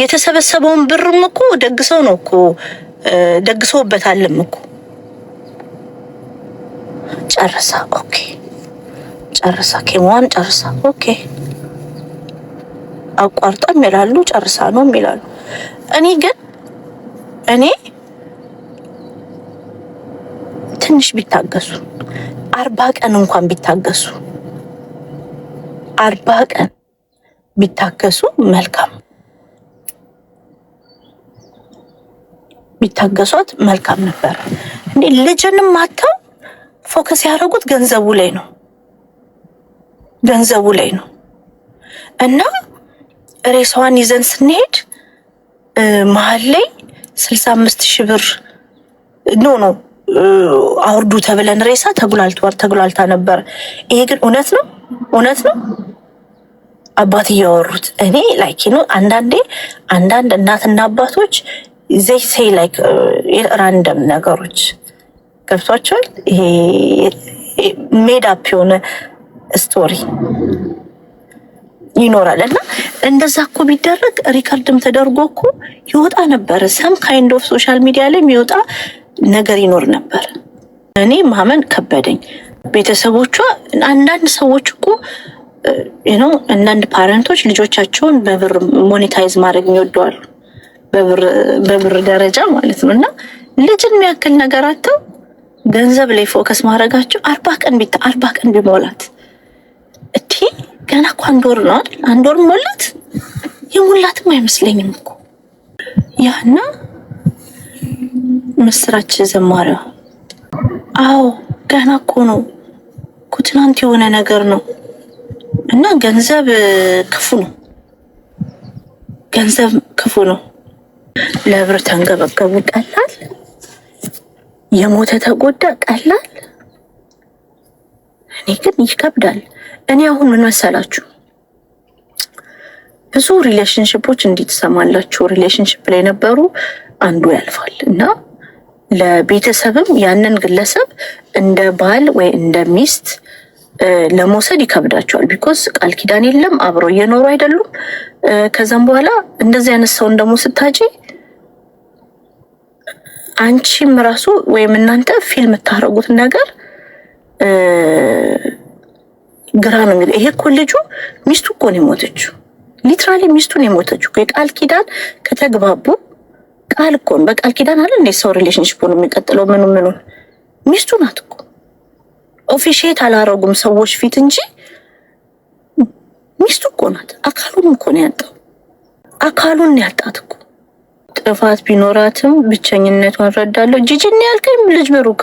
የተሰበሰበውን ብርም እኮ ደግሰው ነው እኮ ደግሰውበታልም እኮ። ጨርሳ ኦኬ፣ ጨርሳ ኬሞዋን ጨርሳ ኦኬ፣ አቋርጣም ይላሉ ጨርሳ ነው ይላሉ። እኔ ግን እኔ ትንሽ ቢታገሱ አርባ ቀን እንኳን ቢታገሱ አርባ ቀን ቢታገሱ መልካም ቢታገሷት መልካም ነበር። እንዴ ልጅንም አተው ፎከስ ያደረጉት ገንዘቡ ላይ ነው፣ ገንዘቡ ላይ ነው። እና ሬሳዋን ይዘን ስንሄድ መሀል ላይ ስልሳ አምስት ሺህ ብር ኖ ነው አውርዱ ተብለን ሬሳ ተጉላልቷል ተጉላልታ ነበር። ይሄ ግን እውነት ነው እውነት ነው አባት እያወሩት እኔ ላይኪ ነው። አንዳንዴ አንዳንድ እናትና አባቶች ዘይ ላይክ ራንደም ነገሮች ገብቷቸዋል። ይሄ ሜድ የሆነ ስቶሪ ይኖራል እና እንደዛ እኮ ቢደረግ ሪከርድም ተደርጎ እኮ ይወጣ ነበረ። ሰም ካይንድ ኦፍ ሶሻል ሚዲያ ላይ የሚወጣ ነገር ይኖር ነበር። እኔ ማመን ከበደኝ። ቤተሰቦቿ አንዳንድ ሰዎች እኮ ነው uh, አንዳንድ ፓረንቶች ልጆቻቸውን በብር ሞኔታይዝ ማድረግ ይወደዋሉ። በብር ደረጃ ማለት ነው። እና ልጅን የሚያክል ነገር አተው ገንዘብ ላይ ፎከስ ማድረጋቸው አርባ ቀን ቢታ አርባ ቀን ቢሞላት እቲ ገና እኮ አንድ ወር ነው አይደል? አንድ ወር ሞላት የሞላትም አይመስለኝም እኮ ያና ምስራች ዘማሪዋ አዎ ገና እኮ ነው እኮ ትናንት የሆነ ነገር ነው። እና ገንዘብ ክፉ ነው። ገንዘብ ክፉ ነው። ለብር ተንገበገቡ ቀላል፣ የሞተ ተጎዳ ቀላል። እኔ ግን ይከብዳል። እኔ አሁን ምን መሰላችሁ ብዙ ሪሌሽንሽፖች እንዲትሰማላችሁ ሪሌሽንሽፕ ላይ ነበሩ አንዱ ያልፋል እና ለቤተሰብም ያንን ግለሰብ እንደ ባል ወይ እንደ ሚስት ለመውሰድ ይከብዳቸዋል። ቢኮዝ ቃል ኪዳን የለም፣ አብረው እየኖሩ አይደሉም። ከዛም በኋላ እንደዚህ አይነት ሰውን ደግሞ ስታጪ አንቺም ራሱ ወይም እናንተ ፊልም የምታደርጉት ነገር ግራ ነው። እንግዲህ ይሄ እኮ ልጁ ሚስቱ እኮ ነው የሞተችው፣ ሊትራሊ ሚስቱ ነው የሞተችው። የቃል ኪዳን ከተግባቡ ቃል እኮ ነው በቃል ኪዳን አለ እንዴ ሰው ሪሌሽንሽፕ ነው የሚቀጥለው። ምኑ ምኑ ሚስቱ ናት እኮ ኦፊሼት አላረጉም ሰዎች ፊት እንጂ ሚስቱ እኮ ናት። አካሉን እኮ ነው ያጣው፣ አካሉን ያጣት እኮ ጥፋት ቢኖራትም ብቸኝነቷን ረዳለሁ። ጂጂን ያልከኝ ልጅ ብሩክ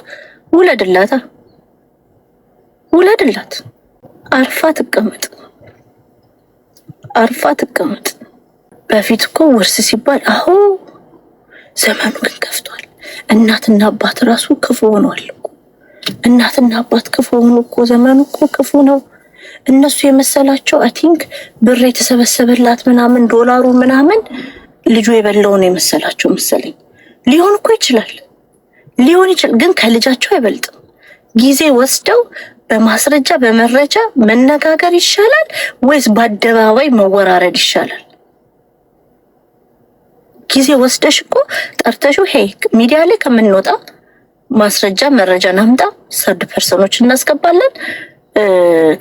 ውለድላታ፣ ውለድላት። አርፋ ትቀመጥ፣ አርፋ ትቀመጥ። በፊት እኮ ውርስ ሲባል አሁ ዘመኑ ግን ከፍቷል። እናትና አባት ራሱ ክፉ ሆኗል። እናትና አባት ክፉ ሆኑ እኮ ዘመኑ እኮ ክፉ ነው። እነሱ የመሰላቸው አይ ቲንክ ብር የተሰበሰበላት ምናምን ዶላሩ ምናምን ልጁ የበላውን የመሰላቸው መሰለኝ። ሊሆን እኮ ይችላል ሊሆን ይችላል፣ ግን ከልጃቸው አይበልጥም። ጊዜ ወስደው በማስረጃ በመረጃ መነጋገር ይሻላል ወይስ በአደባባይ መወራረድ ይሻላል? ጊዜ ወስደሽ እኮ ጠርተሹ ሄይ ሚዲያ ላይ ከምንወጣ ማስረጃ መረጃ ናምጣ፣ ሰርድ ፐርሰኖች እናስገባለን፣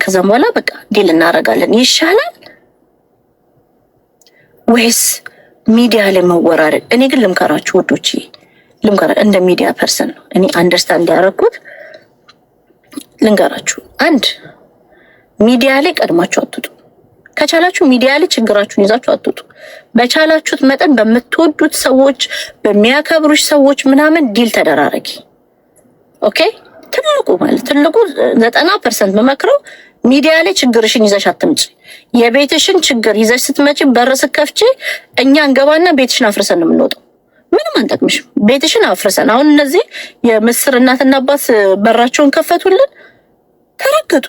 ከዛም በኋላ በቃ ዲል እናደርጋለን ይሻላል ወይስ ሚዲያ ላይ መወራረድ። እኔ ግን ልምከራችሁ ውዶች፣ ልምከራ እንደ ሚዲያ ፐርሰን ነው እኔ አንደርስታንድ ያደረግኩት። ልንገራችሁ፣ አንድ ሚዲያ ላይ ቀድማችሁ አትጡ። ከቻላችሁ ሚዲያ ላይ ችግራችሁን ይዛችሁ አትጡ። በቻላችሁት መጠን በምትወዱት ሰዎች፣ በሚያከብሩሽ ሰዎች ምናምን ዲል ተደራረጊ። ኦኬ። ትልቁ ማለት ትልቁ ዘጠና ፐርሰንት መመክረው ሚዲያ ላይ ችግርሽን ይዘሽ አትምጪ። የቤትሽን ችግር ይዘሽ ስትመጪ በር ስከፍቼ እኛ እንገባና ቤትሽን አፍርሰን ነው የምንወጣው። ምንም አንጠቅምሽም። ቤትሽን አፍርሰን አሁን እነዚህ የምስር እናትና አባት በራቸውን ከፈቱልን፣ ተረገጡ።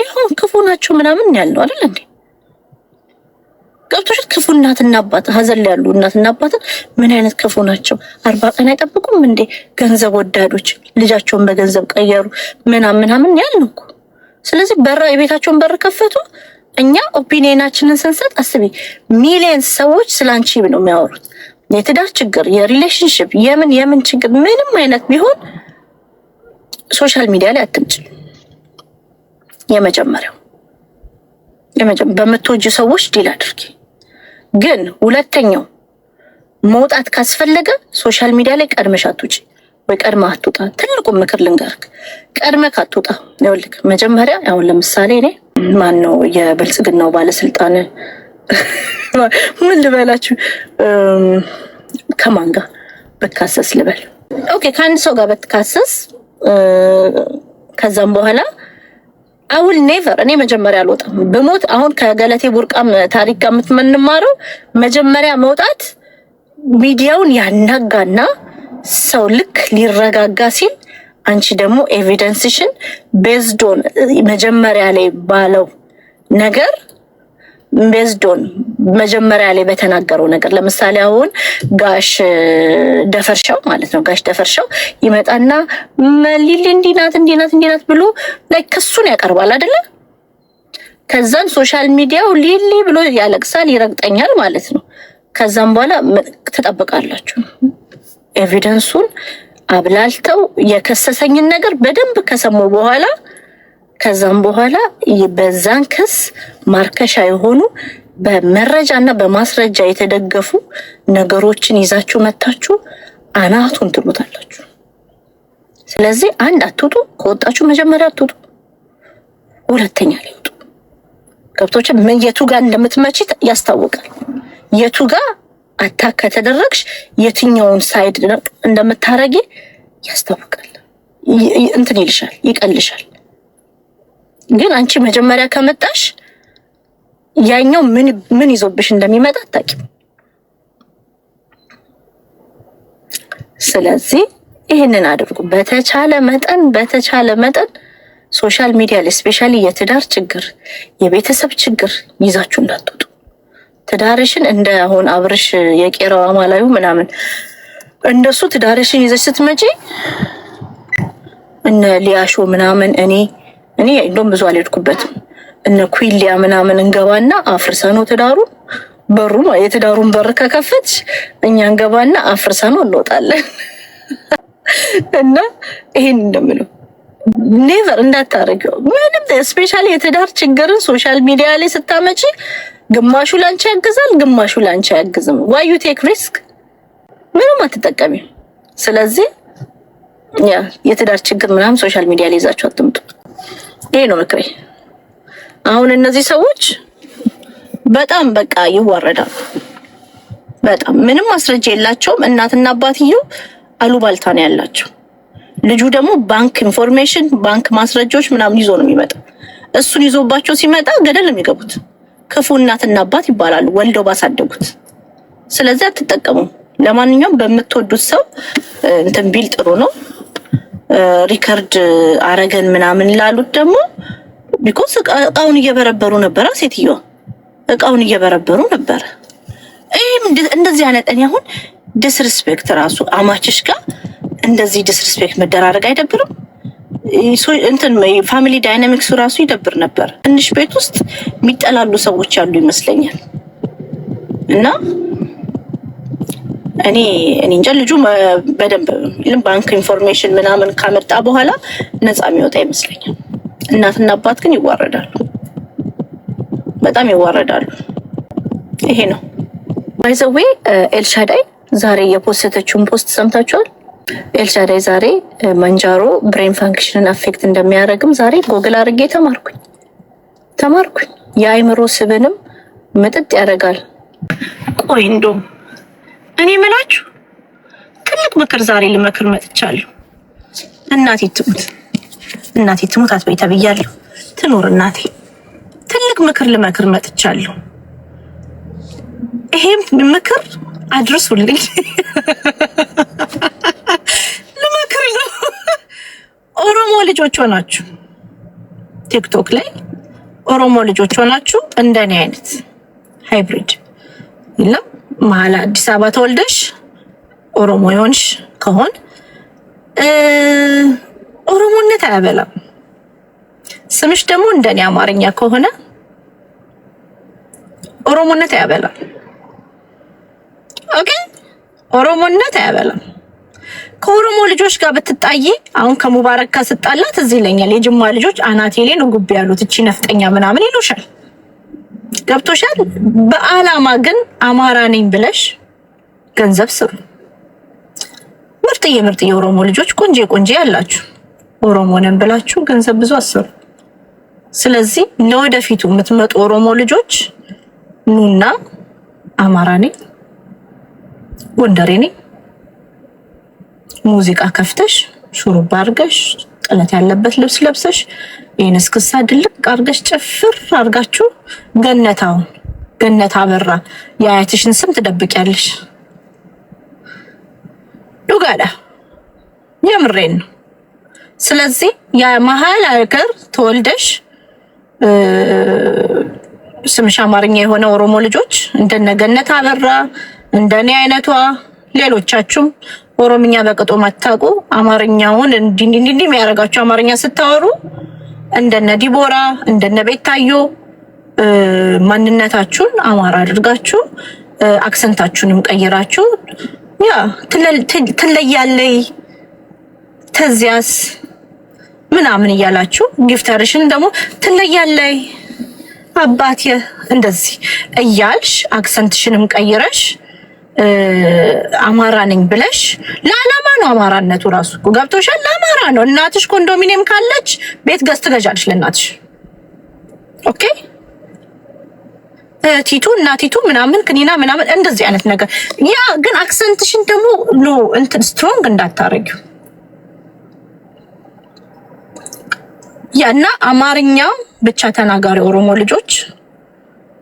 ይሁን ክፉ ናቸው ምናምን ያለው አይደል እንዴ? ገብቶሻል? ክፉ እናትና አባት ሀዘን ያሉ እናትና አባትን ምን አይነት ክፉ ናቸው? አርባ ቀን አይጠብቁም እንዴ? ገንዘብ ወዳዶች ልጃቸውን በገንዘብ ቀየሩ ምናምን ምናምን ያልነው እኮ ስለዚህ በራ የቤታቸውን በር ከፈቱ። እኛ ኦፒኒየናችንን ስንሰጥ አስቢ፣ ሚሊየን ሰዎች ስለ አንቺ ነው የሚያወሩት። የትዳር ችግር፣ የሪሌሽንሽፕ፣ የምን የምን ችግር ምንም አይነት ቢሆን ሶሻል ሚዲያ ላይ አትምጭ። የመጀመሪያው በምትወጁ ሰዎች ዲል አድርጊ። ግን ሁለተኛው መውጣት ካስፈለገ ሶሻል ሚዲያ ላይ ቀድመሽ አትውጪ። ወይ ቀድመህ አትውጣ። ትልቁም ምክር ልንገርክ፣ ቀድመ አትውጣ። ይኸውልህ መጀመሪያ አሁን ለምሳሌ እኔ ማን ነው የብልጽግናው ባለስልጣን ምን ልበላችሁ ከማን ጋር ብካሰስ ልበል? ኦኬ ከአንድ ሰው ጋር ብትካሰስ ከዛም በኋላ አውል ኔቨር እኔ መጀመሪያ አልወጣም ብሞት። አሁን ከገለቴ ቡርቃም ታሪክ ጋር የምትመንማረው መጀመሪያ መውጣት ሚዲያውን ያናጋና ሰው ልክ ሊረጋጋ ሲል አንቺ ደግሞ ኤቪደንስሽን ቤዝዶን መጀመሪያ ላይ ባለው ነገር ቤዝዶን መጀመሪያ ላይ በተናገረው ነገር ለምሳሌ አሁን ጋሽ ደፈርሻው ማለት ነው። ጋሽ ደፈርሻው ይመጣና መሊል እንዲናት እንዲናት እንዲናት ብሎ ላይ ክሱን ያቀርባል አይደለም። ከዛም ሶሻል ሚዲያው ሊሊ ብሎ ያለቅሳል፣ ይረግጠኛል ማለት ነው። ከዛም በኋላ ትጠብቃላችሁ። ኤቪደንሱን አብላልተው የከሰሰኝን ነገር በደንብ ከሰሙ በኋላ ከዛም በኋላ በዛን ክስ ማርከሻ የሆኑ በመረጃና በማስረጃ የተደገፉ ነገሮችን ይዛችሁ መታችሁ አናቱን ትሉታላችሁ። ስለዚህ አንድ አትውጡ፣ ከወጣችሁ መጀመሪያ አትውጡ፣ ሁለተኛ ላይ ውጡ። ገብቶች የቱ ጋር እንደምትመችት ያስታውቃል። የቱ ጋር አታክ ከተደረግሽ የትኛውን ሳይድ እንደምታረጊ ያስታውቃል። እንትን ይልሻል፣ ይቀልሻል። ግን አንቺ መጀመሪያ ከመጣሽ ያኛው ምን ምን ይዞብሽ እንደሚመጣ አታውቂም። ስለዚህ ይህንን አድርጉ። በተቻለ መጠን በተቻለ መጠን ሶሻል ሚዲያ ላይ ስፔሻሊ የትዳር ችግር፣ የቤተሰብ ችግር ይዛችሁ እንዳትወጡ። ትዳርሽን እንደ አሁን አብርሽ የቄራዋ ማላዩ ምናምን እንደሱ ትዳርሽን ይዘሽ ስትመጪ እነ ሊያሾ ምናምን እኔ እኔ እንደውም ብዙ አልሄድኩበትም። እነ ኩሊያ ምናምን እንገባና አፍርሰኖ ነው በሩ የትዳሩን በር ከከፈች እኛ እንገባና አፍርሰኖ ነው እንወጣለን። እና ይሄን እንደምለው ኔቨር እንዳታረጊው ምንም ስፔሻል የትዳር ችግርን ሶሻል ሚዲያ ላይ ስታመጪ ግማሹ ላንቺ ያግዛል፣ ግማሹ ላንቺ አያግዝም። ዋይ ዩ ቴክ ሪስክ ምንም አትጠቀሚም። ስለዚህ ያ የትዳር ችግር ምናምን ሶሻል ሚዲያ ላይ ይዛችሁ አትምጡ። ይሄ ነው ምክሬ። አሁን እነዚህ ሰዎች በጣም በቃ ይዋረዳሉ። በጣም ምንም ማስረጃ የላቸውም። እናትና አባትየው አሉባልታ ነው ያላቸው። ልጁ ደግሞ ባንክ ኢንፎርሜሽን፣ ባንክ ማስረጃዎች ምናምን ይዞ ነው የሚመጣው። እሱን ይዞባቸው ሲመጣ ገደል ነው የሚገቡት። ክፉ እናትና አባት ይባላሉ ወልደው ባሳደጉት። ስለዚህ አትጠቀሙ። ለማንኛውም በምትወዱት ሰው እንትን ቢል ጥሩ ነው። ሪከርድ አረገን ምናምን ላሉት ደግሞ ቢኮስ እቃውን እየበረበሩ ነበረ፣ ሴትዮዋ እቃውን እየበረበሩ ነበረ። ይህም እንደዚህ አይነት እኔ አሁን ዲስሪስፔክት ራሱ አማችሽ ጋር እንደዚህ ዲስሪስፔክት መደራረግ አይደብርም? እንትን ፋሚሊ ዳይናሚክሱ ራሱ ይደብር ነበር። ትንሽ ቤት ውስጥ የሚጠላሉ ሰዎች አሉ ይመስለኛል። እና እኔ እኔ እንጃ ልጁ በደንብ ባንክ ኢንፎርሜሽን ምናምን ካመጣ በኋላ ነፃ የሚወጣ ይመስለኛል። እናትና አባት ግን ይዋረዳሉ፣ በጣም ይዋረዳሉ። ይሄ ነው ባይዘዌ ኤልሻዳይ ዛሬ የፖስተችውን ፖስት ሰምታችኋል? ኤልሻዳይ ዛሬ መንጃሮ ብሬን ፋንክሽንን አፌክት እንደሚያደርግም ዛሬ ጎግል አድርጌ ተማርኩኝ ተማርኩኝ። የአይምሮ ስብንም ምጥጥ ያደርጋል። ቆይ እንዶም እኔ ምላችሁ ትልቅ ምክር ዛሬ ልመክር መጥቻለሁ። እናቴ ትሙት እናቴ ትሙት አትበይ ተብያለሁ። ትኖር እናቴ ትልቅ ምክር ልመክር መጥቻለሁ። ይሄም ምክር አድርሱልኝ። ኦሮሞ ልጆች ሆናችሁ ቲክቶክ ላይ ኦሮሞ ልጆች ሆናችሁ እንደኔ አይነት ሃይብሪድ የለም። መሀል አዲስ አበባ ተወልደሽ ኦሮሞ የሆንሽ ከሆን ኦሮሞነት አያበላም። ስምሽ ደግሞ እንደኔ አማርኛ ከሆነ ኦሮሞነት አያበላም። ኦኬ ኦሮሞነት አያበላም። ከኦሮሞ ልጆች ጋር ብትጣዬ አሁን ከሙባረክ ጋር ስጣላት እዚህ ይለኛል። የጅማ ልጆች አናቴ ነው ጉብ ያሉት እቺ ነፍጠኛ ምናምን ይሉሻል። ገብቶሻል። በአላማ ግን አማራ ነኝ ብለሽ ገንዘብ ስሩ። ምርጥዬ ምርጥዬ ኦሮሞ ልጆች ቆንጆ ቆንጆ ያላችሁ ኦሮሞ ነን ብላችሁ ገንዘብ ብዙ አስሩ። ስለዚህ ለወደፊቱ የምትመጡ ኦሮሞ ልጆች ኑና አማራ ነኝ፣ ጎንደሬ ነኝ ሙዚቃ ከፍተሽ ሹሩባ አድርገሽ ጥለት ያለበት ልብስ ለብሰሽ ይህን እስክሳ ድልቅ አድርገሽ ጭፍር አድርጋችሁ ገነታው ገነት አበራ የአያትሽን ስም ትደብቂያለሽ። ዱጋዳ የምሬን ነው። ስለዚህ የመሀል ሀገር ተወልደሽ ስምሽ አማርኛ የሆነ ኦሮሞ ልጆች እንደነ ገነት አበራ እንደኔ አይነቷ ሌሎቻችሁም ኦሮምኛ በቅጦ ማታውቁ አማርኛውን እንዲንዲንዲ የሚያደርጋችሁ አማርኛ ስታወሩ እንደነ ዲቦራ እንደነ ቤታዮ ማንነታችሁን አማራ አድርጋችሁ አክሰንታችሁንም ቀይራችሁ ያ ትለያለይ ተዚያስ ምናምን እያላችሁ ጊፍተርሽን ደግሞ ትለያለይ አባቴ እንደዚህ እያልሽ አክሰንትሽንም ቀይረሽ አማራ ነኝ ብለሽ ለዓላማ ነው። አማራነቱ ራሱ ገብቶሻል። ለአማራ ነው። እናትሽ ኮንዶሚኒየም ካለች ቤት ገዝ ትገዣለች ለእናትሽ። ኦኬ ቲቱ እና ቲቱ ምናምን ክኒና ምናምን እንደዚህ አይነት ነገር ያ ግን አክሰንትሽን ደግሞ ኖ እንትን ስትሮንግ እንዳታረጊው ያ እና አማርኛ ብቻ ተናጋሪ ኦሮሞ ልጆች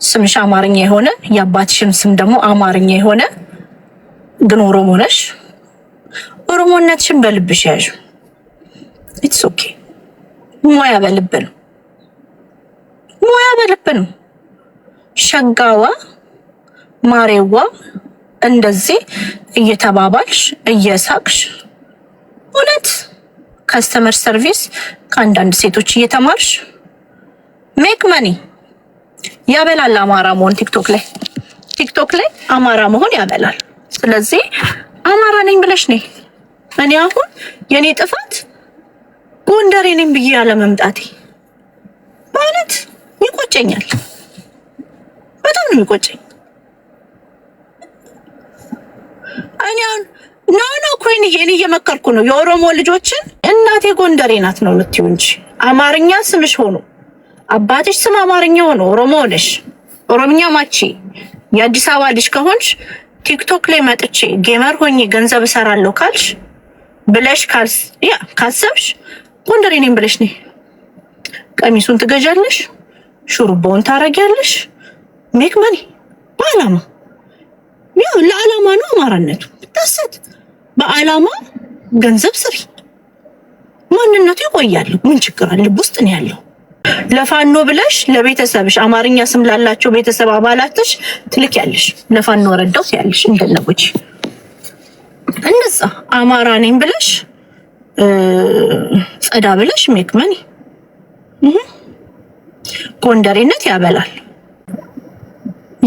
ስምሽ አማርኛ የሆነ የአባትሽም ስም ደግሞ አማርኛ የሆነ ግን ኦሮሞ ነሽ። ኦሮሞነትሽን በልብሽ ያዥ። ኢትስ ኦኬ። ሙያ በልብ ነው፣ ሙያ በልብ ነው። ሸጋዋ ማሬዋ እንደዚህ እየተባባልሽ እየሳቅሽ እውነት ከስተመር ሰርቪስ ከአንዳንድ ሴቶች እየተማርሽ ሜክ መኒ ያበላል። አማራ መሆን ቲክቶክ ላይ ቲክቶክ ላይ አማራ መሆን ያበላል። ስለዚህ አማራ ነኝ ብለሽ ነኝ። እኔ አሁን የኔ ጥፋት ጎንደሬ ነኝ ብዬ ያለ መምጣቴ ማለት ይቆጨኛል። በጣም ነው የሚቆጨኝ። እኔ አሁን ኖ ኖ ኮይን ይሄን እየመከርኩ ነው። የኦሮሞ ልጆችን እናቴ ጎንደሬ ናት ነው የምትይው እንጂ አማርኛ ስምሽ ሆኖ አባትሽ ስም አማርኛው ነው፣ ኦሮሞ ነሽ፣ ኦሮምኛ ማቺ የአዲስ አበባ ልጅ ከሆንሽ ቲክቶክ ላይ መጥቼ ጌመር ሆኜ ገንዘብ እሰራለሁ ካልሽ ብለሽ ያ ካሰብሽ ጎንደሬ ነኝ ብለሽ ነይ። ቀሚሱን ትገዣለሽ፣ ሹሩባውን ታረጊያለሽ። ሜክ መኒ በአላማ ያ ለአላማ ነው አማራነቱ። ብታሰት በአላማ ገንዘብ ስሪ፣ ማንነቱ ይቆያል። ምን ችግር አለ? ውስጥ ነው ያለው ለፋኖ ብለሽ ለቤተሰብሽ አማርኛ ስም ላላቸው ቤተሰብ አባላትሽ ትልክ ያለሽ ለፋኖ ረዳው ያለሽ እንደነቦች እንደዛ አማራ ነኝ ብለሽ ጸዳ ብለሽ ሜክ መኒ ጎንደሬነት ያበላል።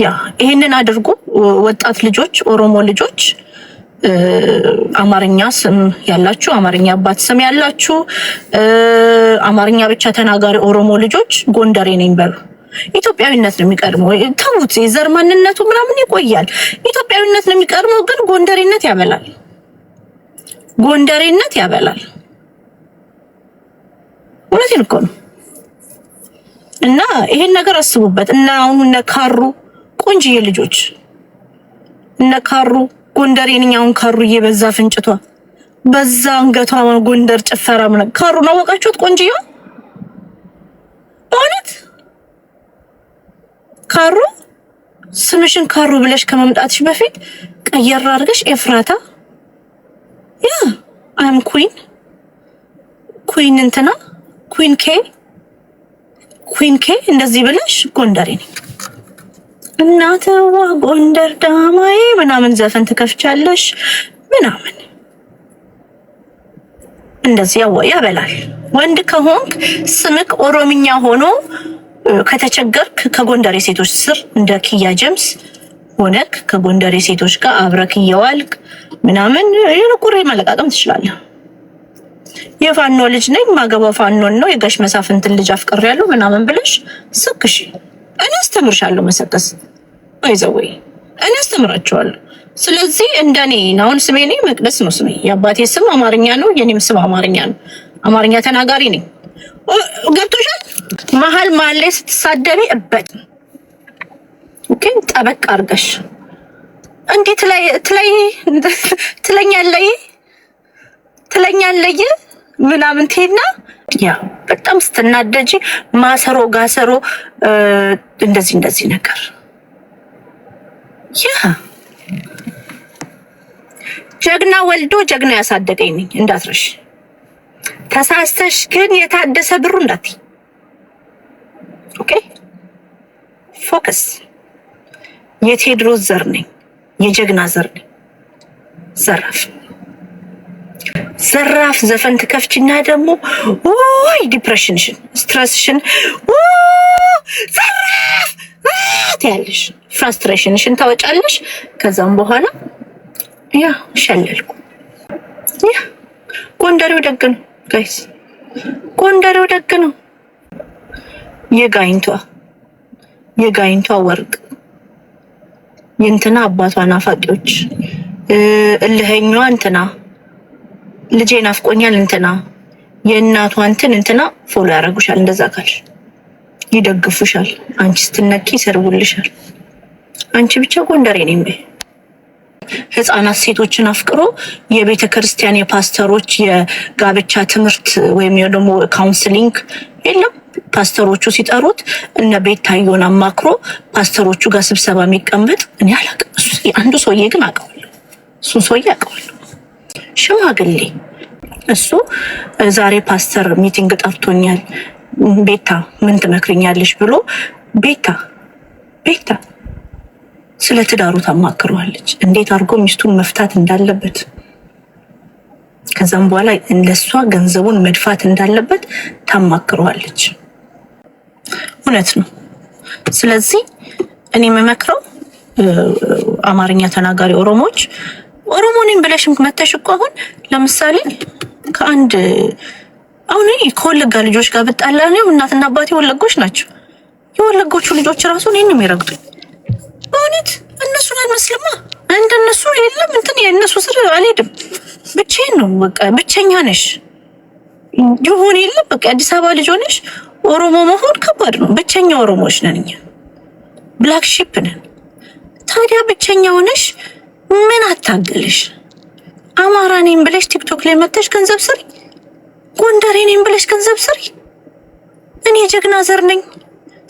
ያ ይሄንን አድርጎ ወጣት ልጆች ኦሮሞ ልጆች አማርኛ ስም ያላችሁ አማርኛ አባት ስም ያላችሁ አማርኛ ብቻ ተናጋሪ ኦሮሞ ልጆች ጎንደሬ ነኝ በሉ። ኢትዮጵያዊነት ነው የሚቀድመው። ተዉት፣ የዘር ማንነቱ ምናምን ይቆያል። ኢትዮጵያዊነት ነው የሚቀድመው፣ ግን ጎንደሬነት ያበላል። ጎንደሬነት ያበላል። እውነት እኮ ነው። እና ይሄን ነገር አስቡበት እና አሁን እነ ካሩ ቆንጅዬ ልጆች እነ ካሩ ጎንደር ነኝ። አሁን ካሩዬ በዛ ፍንጭቷ በዛ አንገቷ ጎንደር ጭፈራ ምናምን ካሩን አወቃችሁት? ቆንጅዮ በእውነት ካሩ ስምሽን ካሩ ብለሽ ከመምጣትሽ በፊት ቀየር አድርገሽ ኤፍራታ ያ አይም ኩዊን ኩዊን እንትና ኩዊን ኬ ኩዊን ኬ እንደዚህ ብለሽ ጎንደሬ ነኝ እናተዋ ጎንደር ዳማዬ ምናምን ዘፈን ትከፍቻለሽ ምናምን እንደዚህ ያው ያበላል። ወንድ ከሆንክ ስምክ ኦሮምኛ ሆኖ ከተቸገርክ ከጎንደር የሴቶች ስር እንደ ኪያ ጀምስ ሆነክ ከጎንደር የሴቶች ጋር አብረክ እየዋልክ ምናምን ይህን ቁሬ መለቃቀም ትችላለህ። የፋኖ ልጅ ነኝ ማገባው ፋኖን ነው የጋሽ መሳፍንትን ልጅ አፍቅሬያለሁ ምናምን ብለሽ ስክሽ እኔ አስተምርሻለሁ መሰከስ ወይዘወይ እኔ አስተምራቸዋለሁ። ስለዚህ እንደኔ አሁን ስሜ ነኝ መቅደስ ነው ስሜ። የአባቴ ስም አማርኛ ነው፣ የኔም ስም አማርኛ ነው። አማርኛ ተናጋሪ ነኝ። ገብቶሻል? መሀል መሀል ላይ ስትሳደቢ እበት ኦኬ፣ ጠበቅ አድርገሽ እንዴ ትለኛለይ ትለኛለይ ምናምን ትሄድና ያ በጣም ስትናደጂ ማሰሮ ጋሰሮ እንደዚህ እንደዚህ ነገር ያ ጀግና ወልዶ ጀግና ያሳደገኝ ነኝ እንዳትረሽ። ተሳስተሽ ግን የታደሰ ብሩ እንዳት ኦኬ ፎከስ። የቴድሮስ ዘር ነኝ፣ የጀግና ዘር ነኝ። ዘራፍ ዘራፍ ዘፈን ትከፍችና ደግሞ ውይ ዲፕሬሽንሽን፣ ስትረስሽን ዘራፍ ትያለሽ፣ ፍራስትሬሽንሽን ታወጫለሽ። ከዛም በኋላ ያ ሸለልኩ። ያ ጎንደሬው ደግ ነው ጋይስ፣ ጎንደሬው ደግ ነው። የጋይንቷ የጋይንቷ ወርቅ የእንትና አባቷ ናፋቂዎች እልኸኛዋ እንትና ልጄ ናፍቆኛል እንትና የእናቷ እንትን እንትና ፎሎ ያደርጉሻል። እንደዛ ካልሽ ይደግፉሻል። አንቺ ስትነቂ ይሰርቡልሻል። አንቺ ብቻ ጎንደሬ ነኝ በይ። ህፃናት ሴቶችን አፍቅሮ የቤተ ክርስቲያን የፓስተሮች የጋብቻ ትምህርት ወይም ደግሞ ካውንስሊንግ የለም። ፓስተሮቹ ሲጠሩት እነ ቤታዮን አማክሮ ፓስተሮቹ ጋር ስብሰባ የሚቀመጥ እኔ አላውቅም። አንዱ ሰውዬ ግን አውቀዋለሁ፣ እሱን ሰውዬ አውቀዋለሁ። ሽማግሌ እሱ ዛሬ ፓስተር ሚቲንግ ጠርቶኛል፣ ቤታ ምን ትመክርኛለሽ ብሎ ቤታ ቤታ ስለ ትዳሩ ታማክረዋለች። እንዴት አድርጎ ሚስቱን መፍታት እንዳለበት ከዛም በኋላ ለእሷ ገንዘቡን መድፋት እንዳለበት ታማክረዋለች። እውነት ነው። ስለዚህ እኔ የምመክረው አማርኛ ተናጋሪ ኦሮሞዎች ኦሮሞ ነኝ ብለሽ መተሽ እኮ አሁን ለምሳሌ ከአንድ አሁን ከወለጋ ልጆች ጋር ብጣላ ነው እናትና አባቴ ወለጎች ናቸው። የወለጎቹ ልጆች ራሱ እኔን ነው የሚረግጡኝ። በእውነት እነሱን አልመስልማ። እንደነሱ የለም እንትን የእነሱ ስር አልሄድም። ብቻዬን ነው በቃ ብቸኛ ነሽ ይሁን የለም በቃ አዲስ አበባ ልጅ ሆነሽ ኦሮሞ መሆን ከባድ ነው። ብቸኛ ኦሮሞዎች ነን እኛ ብላክ ሺፕ ነን። ታዲያ ብቸኛ ሆነሽ ምን አታገልሽ? አማራ ብለሽ ቲክቶክ ላይ መጥተሽ ገንዘብ ስሪ፣ ጎንደሬ ኔም ብለሽ ገንዘብ ስሪ። እኔ ጀግና ዘር ነኝ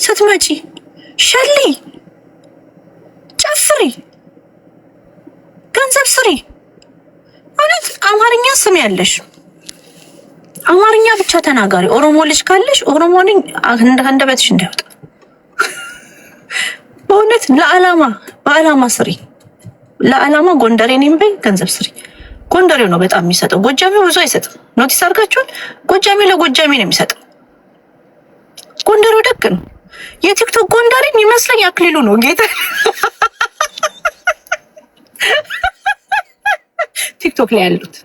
ስትመጪ ሸሊ ጨፍሪ፣ ገንዘብ ስሪ። እውነት አማርኛ ስም ያለሽ አማርኛ ብቻ ተናጋሪ ኦሮሞ ልጅ ካለሽ ኦሮሞ ነኝ አንደበትሽ እንዳይወጣ። በእውነት ለዓላማ በዓላማ ስሪ። ለዓላማ ጎንደሬ ነኝ በይ ገንዘብ ስሪ። ጎንደሬው ነው በጣም የሚሰጠው፣ ጎጃሚው ብዙ አይሰጥም። ኖቲስ አድርጋችሁን? ጎጃሚው ለጎጃሚ ነው የሚሰጠው። ጎንደሬው ደግ ነው። የቲክቶክ ጎንደሬ የሚመስለኝ አክሊሉ ነው። ጌታ ቲክቶክ ላይ ያሉት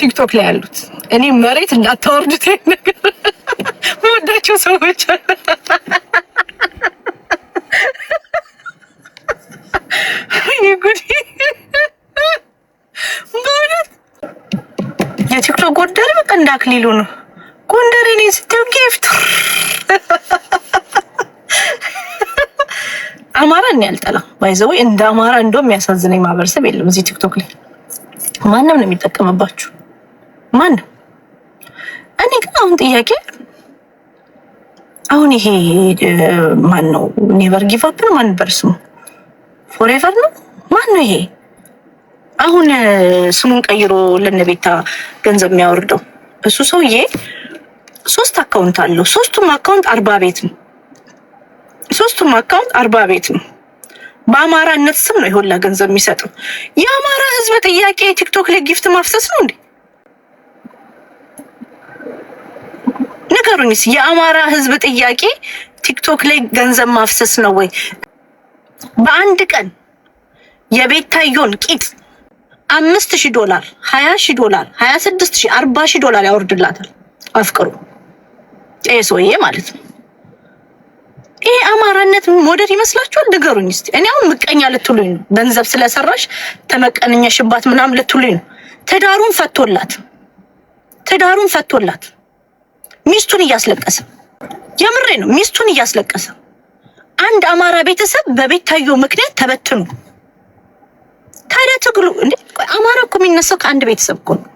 ቲክቶክ ላይ ያሉት እኔ መሬት እንዳታወርዱት ነገር መወዳቸው ሰዎች አክሊሉ ነው። ጎንደር እኔ ስትል ጌፍት አማራ እኔ አልጠላም። ባይዘወይ እንደ አማራ እንደውም የሚያሳዝነኝ ማህበረሰብ የለም እዚህ ቲክቶክ ላይ ማንም ነው የሚጠቀምባችሁ ማንም። እኔ ግን አሁን ጥያቄ አሁን ይሄ ማን ነው? ኔቨር ጊቭ አፕ ነው ማን ነበር ስሙ? ፎሬቨር ነው ማን ነው ይሄ? አሁን ስሙን ቀይሮ ለነቤታ ገንዘብ የሚያወርደው እሱ ሰውዬ ሶስት አካውንት አለው። ሶስቱም አካውንት አርባ ቤት ነው። ሶስቱም አካውንት አርባ ቤት ነው። በአማራነት ስም ነው የሁላ ገንዘብ የሚሰጠው። የአማራ ህዝብ ጥያቄ ቲክቶክ ላይ ጊፍት ማፍሰስ ነው እንዴ? ነገሩኝስ። የአማራ ህዝብ ጥያቄ ቲክቶክ ላይ ገንዘብ ማፍሰስ ነው ወይ? በአንድ ቀን የቤታዮን ቂጥ አምስት ሺህ ዶላር፣ ሀያ ሺህ ዶላር፣ ሀያ ስድስት ሺህ አርባ ሺህ ዶላር ያወርድላታል። አፍቅሩ ይሄ ሰውዬ ማለት ነው። ይሄ አማራነት ሞደር ይመስላችኋል? ንገሩኝ እስኪ። እኔ አሁን ምቀኛ ልትሉኝ ነው። ገንዘብ ስለሰራሽ ተመቀንኛሽባት ምናምን ልትሉኝ ነው። ትዳሩን ፈቶላት ትዳሩን ፈቶላት ሚስቱን እያስለቀሰ የምሬ ነው። ሚስቱን እያስለቀሰ አንድ አማራ ቤተሰብ ታየው ምክንያት ተበትኑ ታዲያ ትግሉ እንዴ? አማራ እኮ የሚነሳው ከአንድ ቤተሰብ እኮ ነው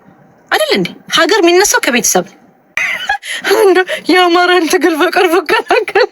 አይደል እንዴ? ሀገር የሚነሳው ከቤተሰብ ነው። የአማራን ትግል በቅርብ እከላከል